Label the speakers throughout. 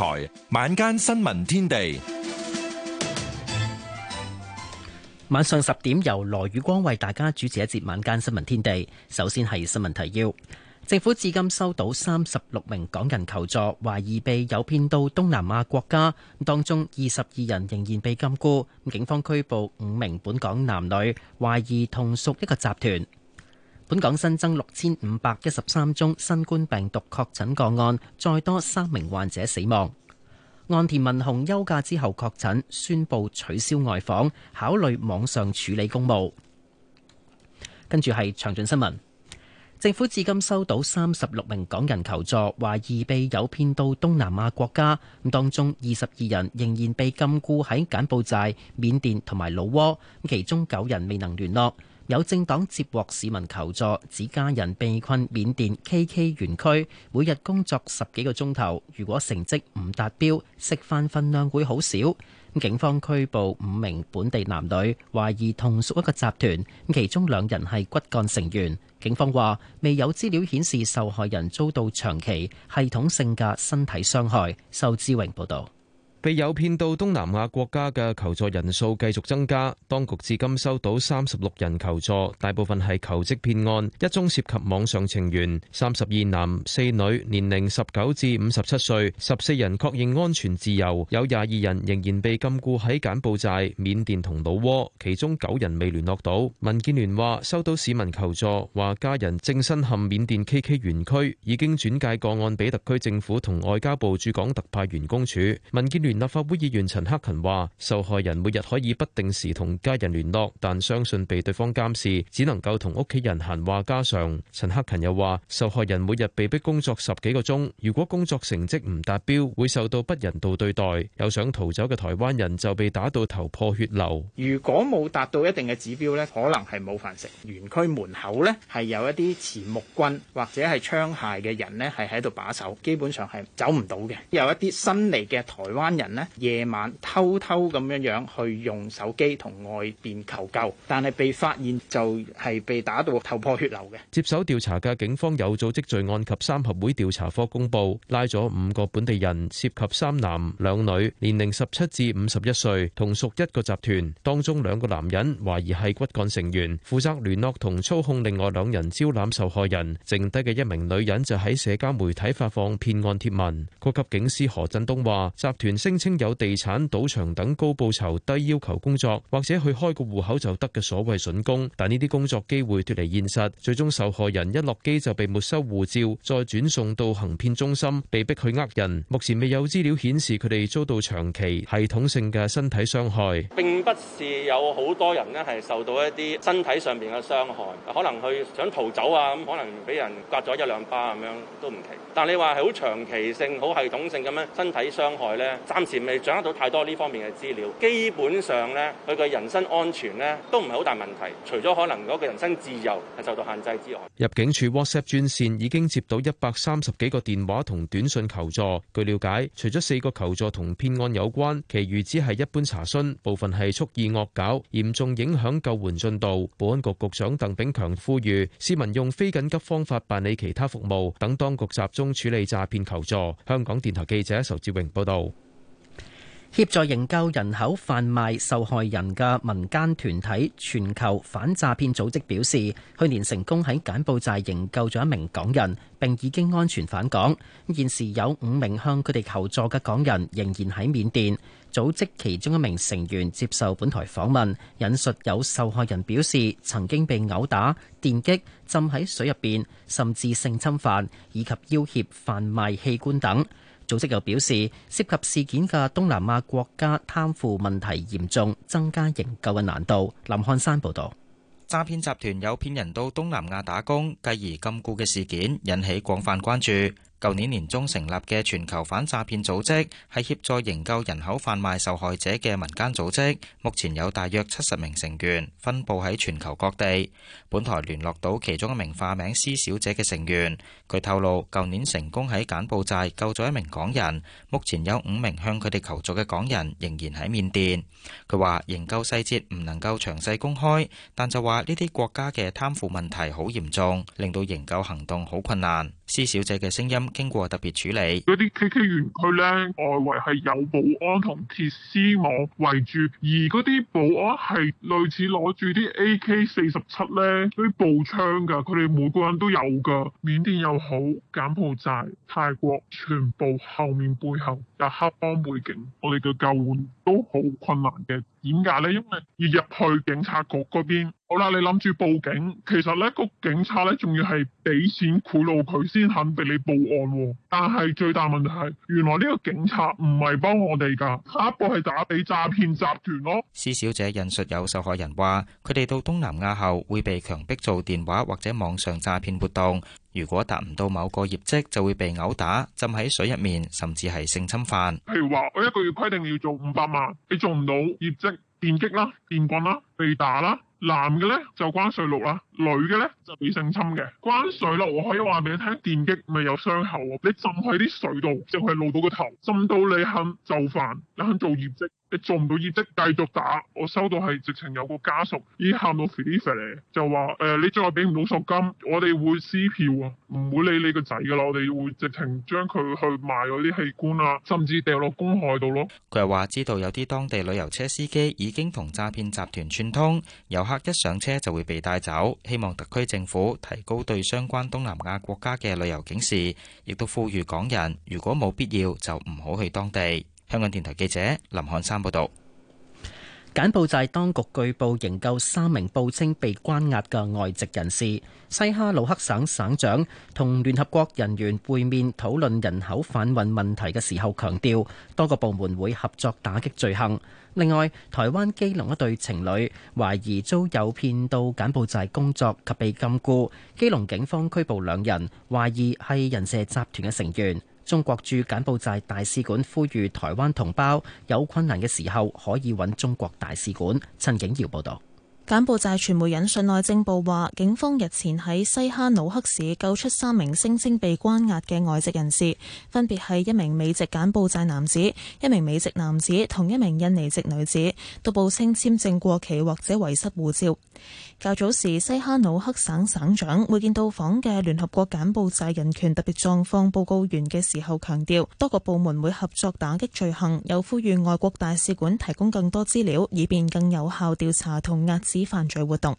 Speaker 1: 台晚
Speaker 2: 間新聞天地，晚上十點由羅宇光為大家主持一節晚間新聞天地。首先係新聞提要，政府至今收到三十六名港人求助，懷疑被誘騙到東南亞國家，當中二十二人仍然被禁錮。警方拘捕五名本港男女，懷疑同屬一個集團。本港新增六千五百一十三宗新冠病毒確診個案，再多三名患者死亡。岸田文雄休假之後確診，宣布取消外訪，考慮網上處理公務。跟住係詳盡新聞。政府至今收到三十六名港人求助，懷疑被誘騙到東南亞國家。當中二十二人仍然被禁錮喺柬埔寨、緬甸同埋老撾。其中九人未能聯絡。有政黨接獲市民求助，指家人被困緬甸 KK 園區，每日工作十幾個鐘頭。如果成績唔達標，食飯份量會好少。警方拘捕五名本地男女，懷疑同屬一個集團。其中兩人係骨幹成員。警方話未有資料顯示受害人遭到長期系統性嘅身體傷害。仇志榮報導。
Speaker 3: 被誘騙到東南亞國家嘅求助人數繼續增加，當局至今收到三十六人求助，大部分係求職騙案，一宗涉及網上情緣，三十二男四女，年齡十九至五十七歲，十四人確認安全自由，有廿二人仍然被禁錮喺柬埔寨、緬甸同老撾，其中九人未聯絡到。民建聯話收到市民求助，話家人正身陷緬甸 KK 園區，已經轉介個案俾特區政府同外交部駐港特派員公署。民建聯。現立法會議員陳克勤話：受害人每日可以不定時同家人聯絡，但相信被對方監視，只能夠同屋企人閒話家常。陳克勤又話：受害人每日被迫工作十幾個鐘，如果工作成績唔達標，會受到不人道對待。有想逃走嘅台灣人就被打到頭破血流。
Speaker 4: 如果冇達到一定嘅指標呢，可能係冇飯食。園區門口呢係有一啲持木棍或者係槍械嘅人呢係喺度把守，基本上係走唔到嘅。有一啲新嚟嘅台灣人。人呢夜晚偷偷咁樣樣去用手機同外邊求救，但係被發現就係被打到頭破血流嘅。
Speaker 3: 接手調查嘅警方有組織罪案及三合會調查科公佈，拉咗五個本地人涉及三男兩女，年齡十七至五十一歲，同屬一個集團。當中兩個男人懷疑係骨幹成員，負責聯絡同操控另外兩人招攬受害人。剩低嘅一名女人就喺社交媒體發放騙案貼文。高級警司何振東話：集團式。聲稱有地產、賭場等高報酬、低要求工作，或者去開個戶口就得嘅所謂筍工，但呢啲工作機會脫離現實，最終受害人一落機就被沒收護照，再轉送到行騙中心，被逼去呃人。目前未有資料顯示佢哋遭到長期系統性嘅身體傷害，
Speaker 5: 並不是有好多人呢係受到一啲身體上面嘅傷害，可能佢想逃走啊，咁可能俾人刮咗一兩巴咁樣都唔奇。但你話係好長期性、好系統性咁樣身體傷害呢？目前未掌握到太多呢方面嘅資料，基本上呢，佢嘅人身安全呢都唔係好大問題，除咗可能嗰個人身自由係受到限制之外。
Speaker 3: 入境處 WhatsApp 專線已經接到一百三十幾個電話同短信求助。據了解，除咗四個求助同騙案有關，其餘只係一般查詢，部分係蓄意惡搞，嚴重影響救援進度。保安局局長鄧炳強呼籲市民用非緊急方法辦理其他服
Speaker 2: 務，等當局集中處理詐騙求助。香港電台記者仇志榮報道。協助營救人口販賣受害人嘅民間團體全球反詐騙組織表示，去年成功喺柬埔寨營救咗一名港人，並已經安全返港。現時有五名向佢哋求助嘅港人仍然喺緬甸。組織其中一名成員接受本台訪問，引述有受害人表示，曾經被毆打、電擊、浸喺水入邊，甚至性侵犯以及要挾販，販賣器官等。組織又表示，涉及事件嘅東南亞國家貪腐問題嚴重，增加營救嘅難度。林漢山
Speaker 6: 報導，詐騙集團有騙人到東南亞打工，繼而禁錮嘅事件引起廣泛關注。舊年年中成立嘅全球反詐騙組織係協助營救人口販賣受害者嘅民間組織，目前有大約七十名成員，分布喺全球各地。本台聯絡到其中一名化名施小姐嘅成員，佢透露，舊年成功喺柬埔寨救咗一名港人，目前有五名向佢哋求助嘅港人仍然喺緬甸。佢話營救細節唔能夠詳細公開，但就話呢啲國家嘅貪腐問題好嚴重，令到營救行動好困難。施小姐嘅聲音經過特別處理。
Speaker 7: 嗰啲 KK 園區呢，外圍係有保安同鐵絲網圍住，而嗰啲保安係類似攞住啲 AK 四十七呢啲步槍噶，佢哋每個人都有噶。緬甸又好，柬埔寨、泰國全部後面背後有黑幫背景，我哋嘅救援都好困難嘅。點解呢？因為要入去警察局嗰邊。好啦，你諗住報警，其實呢個警察呢，仲要係俾錢賄賂佢先肯俾你報案、哦。但係最大問題係，原來呢個警察唔係幫我哋噶，下一步係打俾詐騙集團咯、哦。
Speaker 6: 施小姐引述有受害人話，佢哋到東南亞後會被強迫做電話或者網上詐騙活動，如果達唔到某個業績，就會被毆打、浸喺水入面，甚至係性侵犯。
Speaker 7: 譬如話我一個月規定要做五百萬，你做唔到業績，電擊啦、電棍啦、被打啦。男嘅咧就關稅六啦。女嘅咧就被性侵嘅，關水咯，我可以話俾你聽，電擊咪有傷口喎。你浸喺啲水度，淨係露到個頭，浸到你肯就煩，你肯做業績，你做唔到業績繼續打。我收到係直情有個家屬已經喊到肥肥嚟，就話誒、呃、你再俾唔到贖金，我哋會撕票啊，唔會理你個仔噶啦，我哋會直情將佢去賣嗰啲器官啊，甚至掉落公海度
Speaker 6: 咯。佢又話知道有啲當地旅遊車司機已經同詐騙集團串通，遊客一上車就會被帶走。希望特區政府提高對相關東南亞國家嘅旅遊警示，亦都呼籲港人如果冇必要就唔好去當地。香港電台記者林漢山報道。柬埔寨當局據報營救三
Speaker 2: 名報稱被關押嘅外籍人士。西哈努克省省長同聯合國人員會面討論人口販運問題嘅時候，強調多個部門會合作打擊罪行。另外，台灣基隆一對情侶懷疑遭誘騙到柬埔寨工作及被禁錮，基隆警方拘捕兩人，懷疑係人蛇集團嘅成員。中國駐柬埔寨大使館呼籲台灣同胞有困難嘅時候可以揾中國大使館。陳景耀報道。
Speaker 8: 柬埔寨傳媒引述內政部話，警方日前喺西哈努克市救出三名聲稱被關押嘅外籍人士，分別係一名美籍柬埔寨男子、一名美籍男子同一名印尼籍女子，都報稱簽證過期或者遺失護照。較早時，西哈努克省,省省長會見到訪嘅聯合國柬埔寨人權特別狀況報告員嘅時候強調，強調多個部門會合作打擊罪行，又呼籲外國大使館提供更多資料，以便更有效調查同壓制。犯罪活動。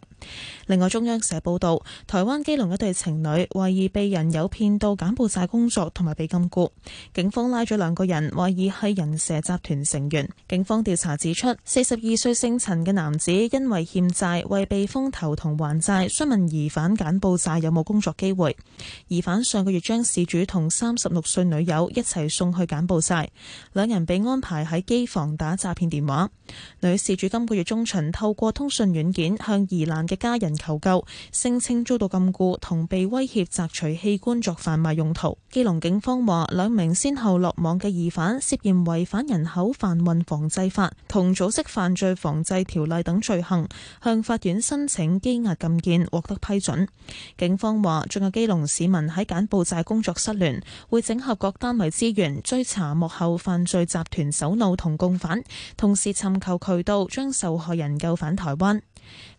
Speaker 8: 另外，中央社報道，台灣基隆一對情侶懷疑被人誘騙到柬埔寨工作，同埋被禁錮。警方拉咗兩個人，懷疑係人蛇集團成員。警方調查指出，四十二歲姓陳嘅男子因為欠債，為避風頭同還債，詢問疑犯柬埔寨有冇工作機會。疑犯上個月將事主同三十六歲女友一齊送去柬埔寨，兩人被安排喺機房打詐騙電話。女事主今個月中旬透過通訊員件向疑難嘅家人求救，聲稱遭到禁錮同被威脅摘除器官作販賣用途。基隆警方話，兩名先後落網嘅疑犯涉嫌違反人口販運防制法同組織犯罪防制條例等罪行，向法院申請羈押禁見，獲得批准。警方話，仲有基隆市民喺柬埔寨工作失聯，會整合各單位資源追查幕後犯罪集團首腦同共犯，同時尋求渠道將受害人救返台灣。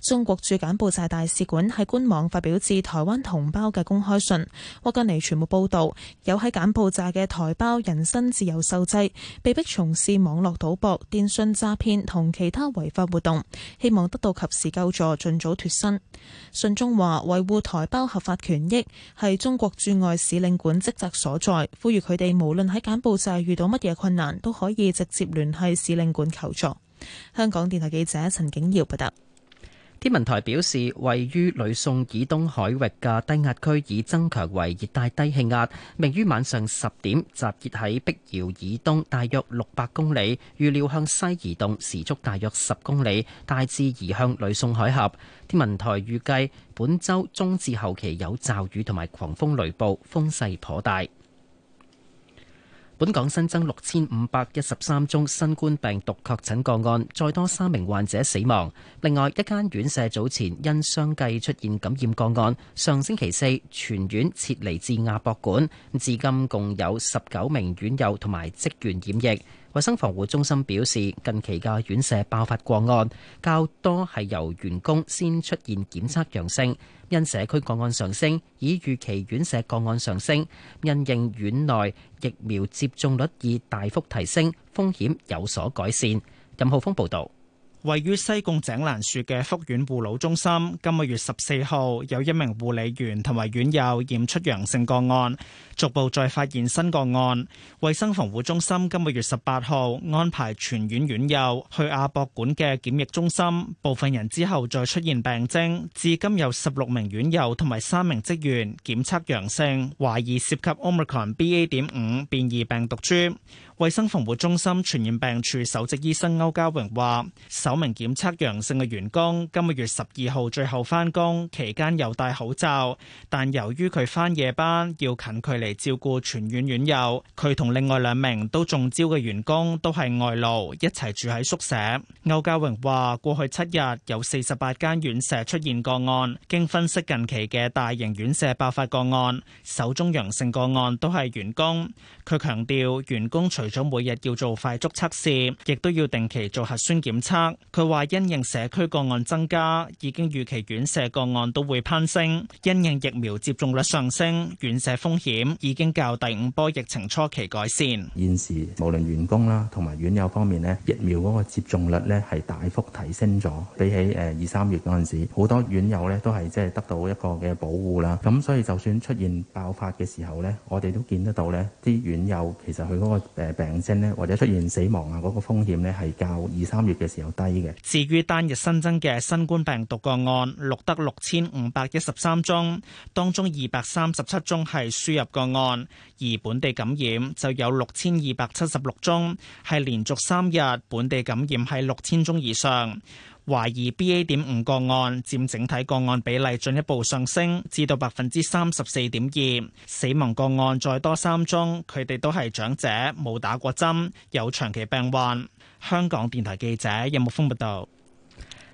Speaker 8: 中國駐柬埔寨大使館喺官網發表致台灣同胞嘅公開信，沃加尼傳媒報道有喺柬埔寨嘅台胞人身自由受制，被迫從事網絡賭博、電信詐騙同其他違法活動，希望得到及時救助，盡早脫身。信中話，維護台胞合法權益係中國駐外使領館職責所在，呼籲佢哋無論喺柬埔寨遇到乜嘢困難，都可以直接聯繫使領館求助。香港電台記者陳景堯報道。天文
Speaker 2: 台表示，位於呂宋以東海域嘅低壓區已增強為熱帶低氣壓，明於晚上十點，集結喺碧瑤以東大約六百公里，預料向西移動時速大約十公里，大致移向呂宋海峽。天文台預計本週中至後期有驟雨同埋狂風雷暴，風勢頗大。本港新增六千五百一十三宗新冠病毒確診個案，再多三名患者死亡。另外，一間院舍早前因相繼出現感染個案，上星期四全院撤離至亞博館，至今共有十九名院友同埋職員染疫。衛生防護中心表示，近期嘅院舍爆發個案較多係由員工先出現檢測陽性，因社區個案上升，已預期院舍個案上升，因應院內疫苗接種率已大幅提升，風險
Speaker 4: 有所改善。任浩峯報導。位於西貢井欄樹嘅福苑護老中心，今個月十四號有一名護理員同埋院友驗出陽性個案，逐步再發現新個案。衛生防護中心今個月十八號安排全院院友去亞博館嘅檢疫中心，部分人之後再出現病徵。至今有十六名院友同埋三名職員檢測陽性，懷疑涉及 Omicron BA.5 變異病毒株。衛生防護中心傳染病處首席醫生歐家榮話：首名檢測陽性嘅員工今個月十二號最後翻工，期間有戴口罩，但由於佢翻夜班，要近距離照顧全院院友，佢同另外兩名都中招嘅員工都係外勞，一齊住喺宿舍。歐家榮話：過去七日有四十八間院舍出現個案，經分析近期嘅大型院舍爆發個案，首宗陽性個案都係員工。佢強調，員工除咗每日要做快速測試，亦都要定期做核酸檢測。佢話，因應社區個案增加，已經預期院舍個案都會攀升。因應疫苗接種率上升，院舍風險已經較第五波疫情初期改善。
Speaker 5: 現時無論員工啦，同埋院友方面呢，疫苗嗰個接種率呢係大幅提升咗，比起誒二三月嗰陣時，好多院友呢都係即係得到一個嘅保護啦。咁所以就算出現爆發嘅時候呢，我哋都見得到呢啲院友其實佢嗰個誒病徵呢，或者出現死亡啊，嗰個風險呢係較二三月嘅時候低嘅。
Speaker 4: 至於單日新增嘅新冠病毒個案，錄得六千五百一十三宗，當中二百三十七宗係輸入個案，而本地感染就有六千二百七十六宗，係連續三日本地感染係六千宗以上。懷疑 B A 點五個案佔整體個案比例進一步上升，至到百分之三十四點二。死亡個案再多三宗，佢哋都係長者，冇打過針，有長期病患。香港電台記者任木峰報道。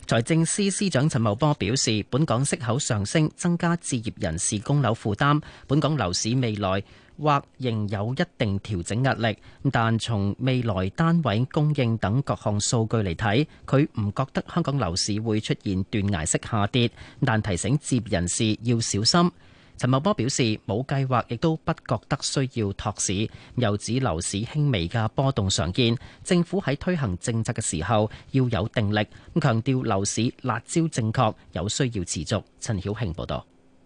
Speaker 4: 財政司司,司長陳茂波
Speaker 2: 表示，本港息口上升，增加置業人士供樓負擔。本港樓市未來。或仍有一定調整壓力，但從未來單位供應等各項數據嚟睇，佢唔覺得香港樓市會出現斷崖式下跌，但提醒業人士要小心。陳茂波表示冇計劃，亦都不覺得需要托市，又指樓市輕微嘅波動常見。政府喺推行政策嘅時候要有定力，強調樓市辣招正確，有需要持續。陳曉慶報道。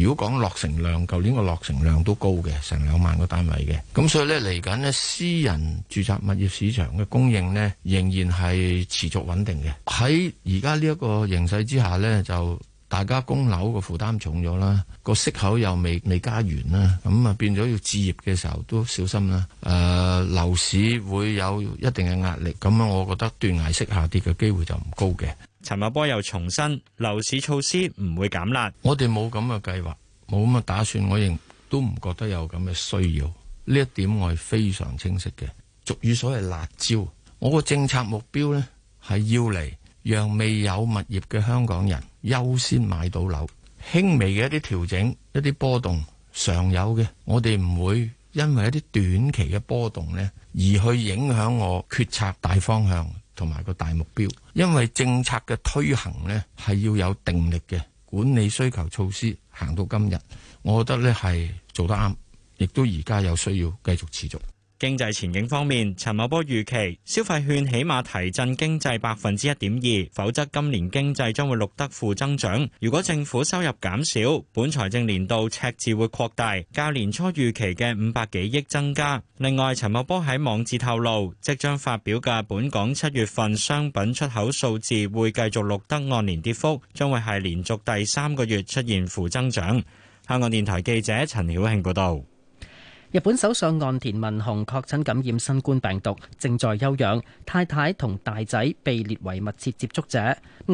Speaker 9: 如果講落成量，舊年個落成量都高嘅，成兩萬個單位嘅，咁所以呢，嚟緊呢私人住宅物業市場嘅供應呢，仍然係持續穩定嘅。喺而家呢一個形勢之下呢，就大家供樓個負擔重咗啦，個息口又未未加完啦，咁啊變咗要置業嘅時候都小心啦。誒、呃、樓市會有一定嘅壓力，咁樣我覺得斷崖式下跌嘅機會就唔高嘅。
Speaker 5: 陳茂波又重申樓市措施唔會減辣，我哋冇咁
Speaker 9: 嘅計劃，冇咁嘅打算，我亦都唔覺得有咁嘅需要。呢一點我係非常清晰嘅。俗語所謂辣招，我個政策目標呢係要嚟讓未有物業嘅香港人優先買到樓。輕微嘅一啲調整，一啲波動常有嘅，我哋唔會因為一啲短期嘅波動呢而去影響我決策大方向。同埋個大目標，因為政策嘅推行呢係要有定力嘅。管理需求措施，行到今日，我覺得呢係做得啱，亦都而家有需要繼續持續。
Speaker 5: 經濟前景方面，陳茂波預期消費券起碼提振經濟百分之一點二，否則今年經濟將會錄得負增長。如果政府收入減少，本財政年度赤字會擴大，較年初預期嘅五百幾億增加。另外，陳茂波喺網誌透露，即將發表嘅本港七月份商品出口數字會繼續錄得按年跌幅，將會係連續第三個月出現負
Speaker 2: 增長。香港電台記者陳曉慶報道。日本首相岸田文雄確診感染新冠病毒，正在休養。太太同大仔被列為密切接觸者。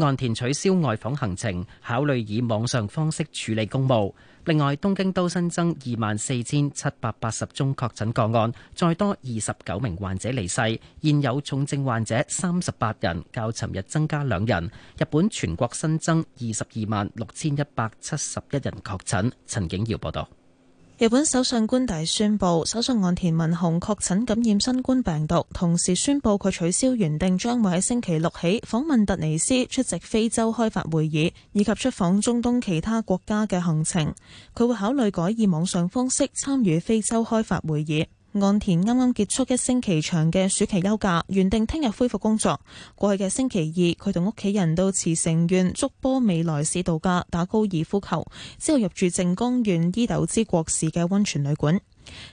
Speaker 2: 岸田取消外訪行程，考慮以網上方式處理公務。另外，東京都新增二萬四千七百八十宗確診個案，再多二十九名患者離世。現有重症患者三十八人，較尋日增加兩人。日本全國新增二十二萬六千一百七十一人確診。陳景堯報導。
Speaker 8: 日本首相官邸宣布，首相岸田文雄確診感染新冠病毒，同時宣布佢取消原定將會喺星期六起訪問突尼斯，出席非洲開發會議以及出訪中東其他國家嘅行程。佢會考慮改以網上方式參與非洲開發會議。岸田啱啱結束一星期長嘅暑期休假，原定聽日恢復工作。過去嘅星期二，佢同屋企人到茨城縣築波未來市度假，打高爾夫球，之後入住靜岡縣伊豆之國市嘅溫泉旅館。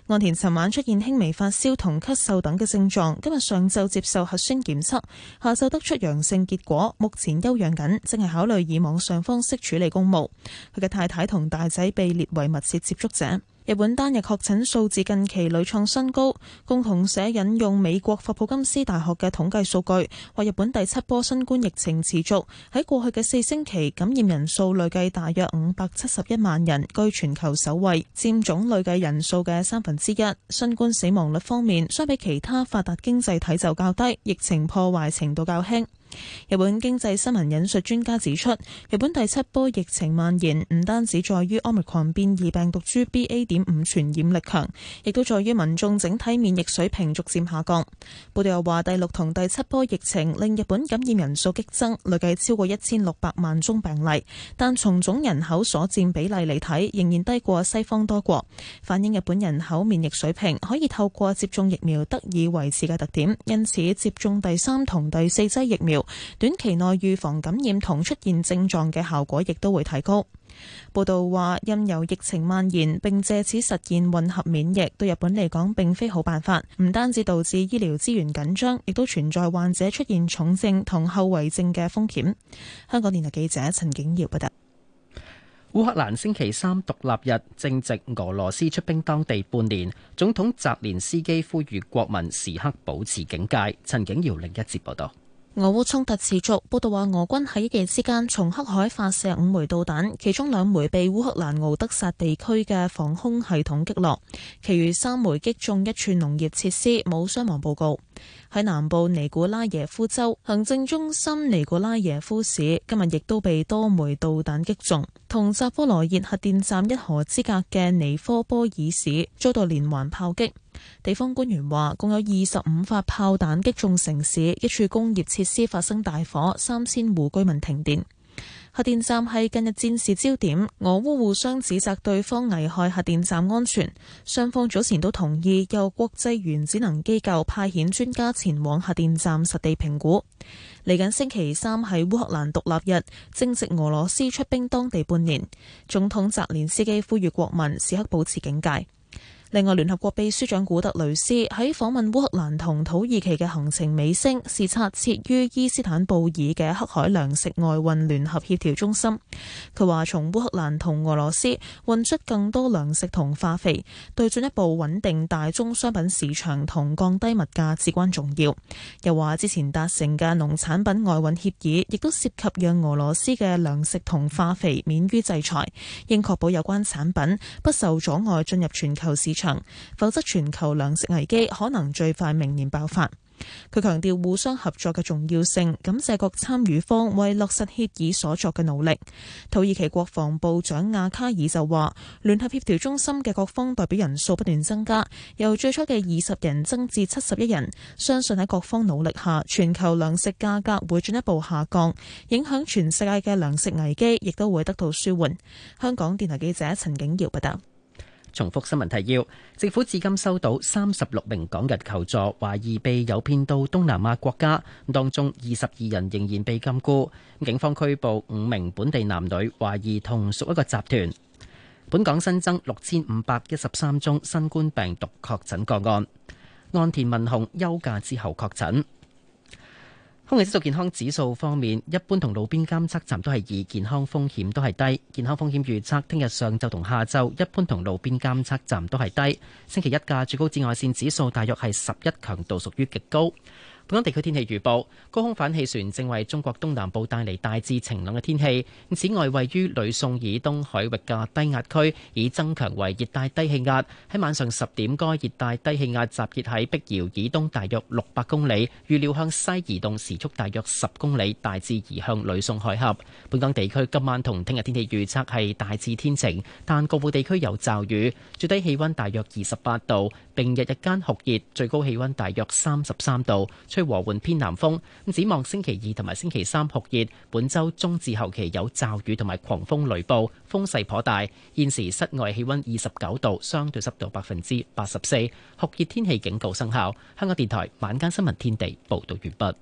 Speaker 8: 岸田尋晚出現輕微發燒同咳嗽等嘅症狀，今日上晝接受核酸檢測，下晝得出陽性結果，目前休養緊，正係考慮以網上方式處理公務。佢嘅太太同大仔被列為密切接觸者。日本單日確診數字近期屢創新高。共同社引用美國霍普金斯大學嘅統計數據，話日本第七波新冠疫情持續喺過去嘅四星期，感染人數累計大約五百七十一萬人，居全球首位，佔總累計人數嘅三分之一。新冠死亡率方面，相比其他發達經濟體就較低，疫情破壞程度較輕。日本經濟新聞引述專家指出，日本第七波疫情蔓延唔單止在於奧密克戎變異病毒株 B.A. 點五傳染力強，亦都在於民眾整體免疫水平逐漸下降。報道又話，第六同第七波疫情令日本感染人數激增，累計超過一千六百萬宗病例，但從總人口所佔比例嚟睇，仍然低過西方多國，反映日本人口免疫水平可以透過接種疫苗得以維持嘅特點。因此，接種第三同第四劑疫苗。短期內預防感染同出現症狀嘅效果，亦都會提高。報道話，任由疫情蔓延，並借此實現混合免疫，對日本嚟講並非好辦法，唔單止導致醫療資源緊張，亦都存在患者出現重症同後遺症嘅風險。香港電台記者陳景瑤報道。烏克蘭星
Speaker 2: 期三獨立日，正值俄羅斯出兵當地半年，總統澤連斯基呼籲國民時刻保持警戒。陳景瑤另一節報道。
Speaker 8: 俄烏衝突持續，報道話，俄軍喺一夜之間從黑海發射五枚導彈，其中兩枚被烏克蘭敖德薩地區嘅防空系統擊落，其餘三枚擊中一處農業設施，冇傷亡報告。喺南部尼古拉耶夫州，行政中心尼古拉耶夫市今日亦都被多枚導彈擊中，同扎波羅熱核電站一河之隔嘅尼科波爾市遭到連環炮擊。地方官員話，共有二十五發炮彈擊中城市，一處工業設施發生大火，三千戶居民停電。核電站係近日戰事焦點，俄烏互相指責對方危害核電站安全。雙方早前都同意由國際原子能機構派遣專家前往核電站實地評估。嚟緊星期三係烏克蘭獨立日，正值俄羅斯出兵當地半年，總統澤連斯基呼籲國民時刻保持警戒。另外，聯合國秘書長古特雷斯喺訪問烏克蘭同土耳其嘅行程尾聲，視察設於伊斯坦布爾嘅黑海糧食外運聯合協調中心。佢話：從烏克蘭同俄羅斯運出更多糧食同化肥，對進一步穩定大宗商品市場同降低物價至關重要。又話之前達成嘅農產品外運協議，亦都涉及讓俄羅斯嘅糧食同化肥免於制裁，應確保有關產品不受阻礙進入全球市場。否則全球糧食危機可能最快明年爆發。佢強調互相合作嘅重要性，感謝各參與方為落實協議所作嘅努力。土耳其國防部長亞卡爾就話，聯合協調中心嘅各方代表人數不斷增加，由最初嘅二十人增至七十一人。相信喺各方努力下，全球糧食價格會進一步下降，影響全世界嘅糧食危機亦都會得到舒緩。香港電台記者陳景堯報道。
Speaker 2: 重複新聞提要。政府至今收到三十六名港人求助，懷疑被誘騙到東南亞國家，當中二十二人仍然被禁錮。警方拘捕五名本地男女，懷疑同屬一個集團。本港新增六千五百一十三宗新冠病毒確診個案，岸田文雄休假之後確診。空氣質素健康指數方面，一般同路邊監測站都係二，健康風險都係低。健康風險預測聽日上晝同下晝一般同路邊監測站都係低。星期一嘅最高紫外線指數大約係十一，強度屬於極高。本港地區天氣預報：高空反氣旋正為中國東南部帶嚟大致晴朗嘅天氣。此外，位於呂宋以東海域嘅低壓區已增強為熱帶低氣壓。喺晚上十點，該熱帶低氣壓集結喺碧瑤以東大約六百公里，預料向西移動，時速大約十公里，大致移向呂宋海峽。本港地區今晚同聽日天氣預測係大致天晴，但局部地區有驟雨。最低氣温大約二十八度，並日日間酷熱，最高氣温大約三十三度。吹和緩偏南風，咁展望星期二同埋星期三酷熱，本周中至後期有驟雨同埋狂風雷暴，風勢頗大。現時室外氣温二十九度，相對濕度百分之八十四，酷熱天氣警告生效。香港電台晚間新聞天地報道完畢。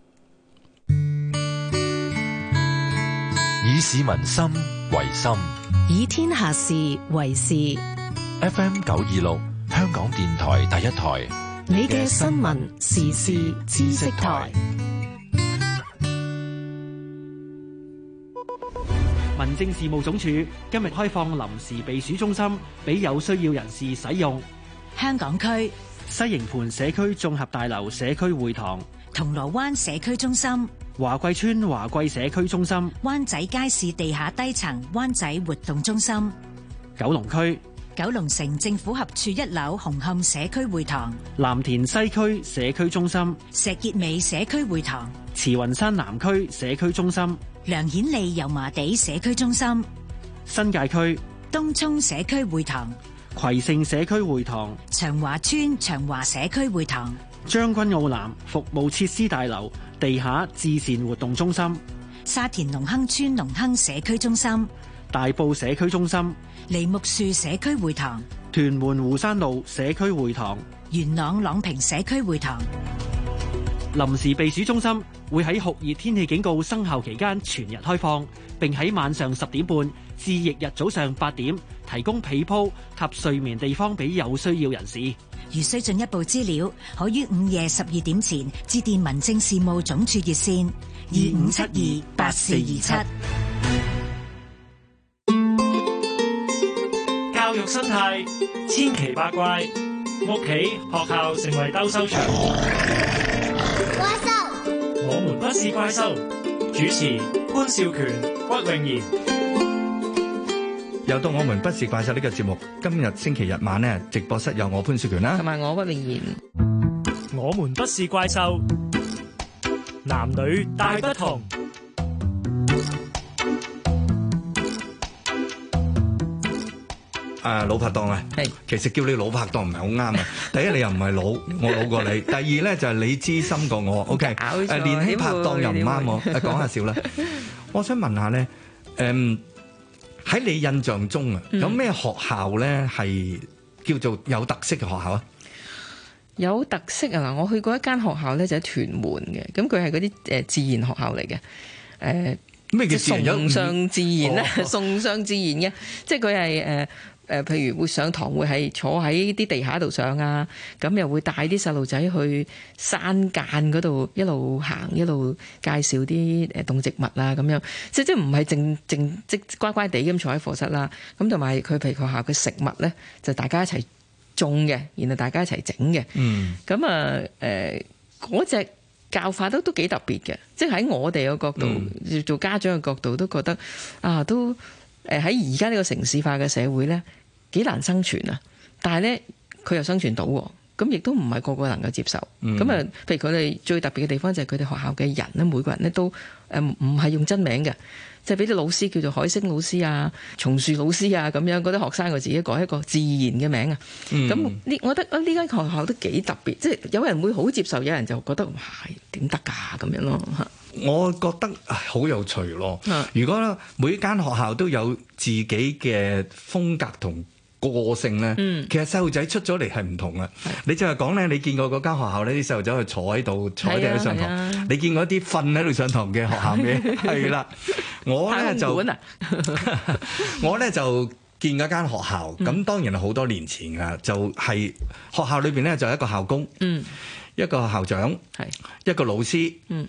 Speaker 10: 以市民心為
Speaker 2: 心，以天下
Speaker 10: 事為事。FM 九二六，香港電台第一台。
Speaker 11: 你嘅新聞時事知識台，
Speaker 10: 民政事務總署今日開放臨時避暑中心俾有需要人士使用。香港區西營盤社區綜合大樓社區會堂、銅鑼灣社區中心、華貴村華貴社區中心、灣仔街市地下低層灣仔活動中心、九龍區。九龍城政府合署一樓紅磡社區會堂、藍田西區社區中心、石硤尾社區會堂、慈雲山南區社區中心、梁顯利油麻地社區中心、新界區東涌社區會堂、葵盛社區會堂、長華邨長華社區會堂、將軍澳南服務設施大樓地下至善活動中心、沙田隆亨邨隆亨社區中心、大埔社區中心。梨木樹社區會堂、屯門湖山路社區會堂、元朗朗平社區會堂，臨時避暑中心會喺酷熱天氣警告生效期間全日開放，並喺晚上十點半至翌日早上八點提供被鋪及睡眠地方俾有需要人士。如需進一步資料，可於午夜十二點前致電民政事務總署熱線二五七二八四二七。生態千奇百怪，屋企學校成為鬥獸場。塞怪獸，我們不是怪獸。
Speaker 4: 主持潘少權、屈穎妍。
Speaker 1: 又到我們不是怪獸呢個節目，今日星期日晚呢，直播室有我潘少權啦，同埋我屈穎妍。
Speaker 10: 我們不是怪獸，男女大不同。
Speaker 1: 誒、啊、老拍檔啊，是其實叫你老拍檔唔係好啱啊！第一你又唔係老， 我老過你；第二咧就係、是、你資深過我。O K，誒年輕拍檔又唔啱我。誒、啊、講下笑啦， 我想問下咧，誒、嗯、喺你印象中啊，有咩學校咧係叫做有特色嘅學校啊？
Speaker 11: 有特色啊！嗱，我去過一間學校咧，就喺屯門嘅，咁佢係嗰啲誒自然學校嚟嘅。誒咩叫崇尚自然？崇尚自然啦，崇尚自然嘅、嗯哦， 即係佢係誒。呃誒、呃，譬如會上堂會係坐喺啲地下度上啊，咁又會帶啲細路仔去山間嗰度一路行，一路介紹啲誒動植物啊咁樣，即即唔係靜靜即乖乖哋咁坐喺課室啦。咁同埋佢譬如學校嘅食物咧，就大家一齊種嘅，然後大家一齊整嘅。嗯。咁啊誒，嗰、呃、隻教法都都幾特別嘅，即喺我哋嘅角度，嗯、做家長嘅角度都覺得啊，都誒喺而家呢個城市化嘅社會咧，幾難生存啊！但係咧，佢又生存到，咁亦都唔係個個能夠接受。咁啊、嗯，譬如佢哋最特別嘅地方就係佢哋學校嘅人咧，每個人咧都誒唔係用真名嘅，即係俾啲老師叫做海星老師啊、松樹老師啊咁樣，嗰啲學生佢自己改一個自然嘅名啊。咁呢、嗯，我覺得呢間學校都幾特別，即係有人會好接受，有人就覺得哇，點得㗎咁樣咯。嗯、我覺得
Speaker 1: 好有趣咯。嗯、如果每一間學校都有自己嘅風格同個性咧，其實細路仔出咗嚟係唔同啊！的你就係講咧，你見過嗰間學校咧，啲細路仔去坐喺度，坐定喺上堂。你見過啲瞓喺度上堂嘅學校咩？係啦， 我咧就 我咧就見嗰間學校，咁、嗯、當然係好多年前啊，就係、是、學校裏邊咧就有、是、一個校工，嗯、一個校長，的一個老師，誒、嗯，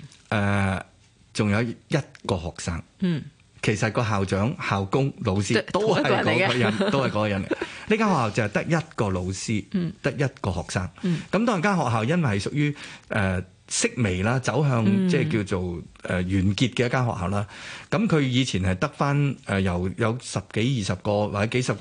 Speaker 1: 仲、呃、有一個學生。嗯嗯。其實個校長、校工、老師都係嗰個人，都係嗰個人嚟。呢間學校就係得一個老師，得 一個學生。咁 當間學校因為係屬於誒式微啦，走向即係叫做誒完結嘅
Speaker 9: 一間學校啦。咁佢 以前係得翻誒由有十幾二十個或者幾十。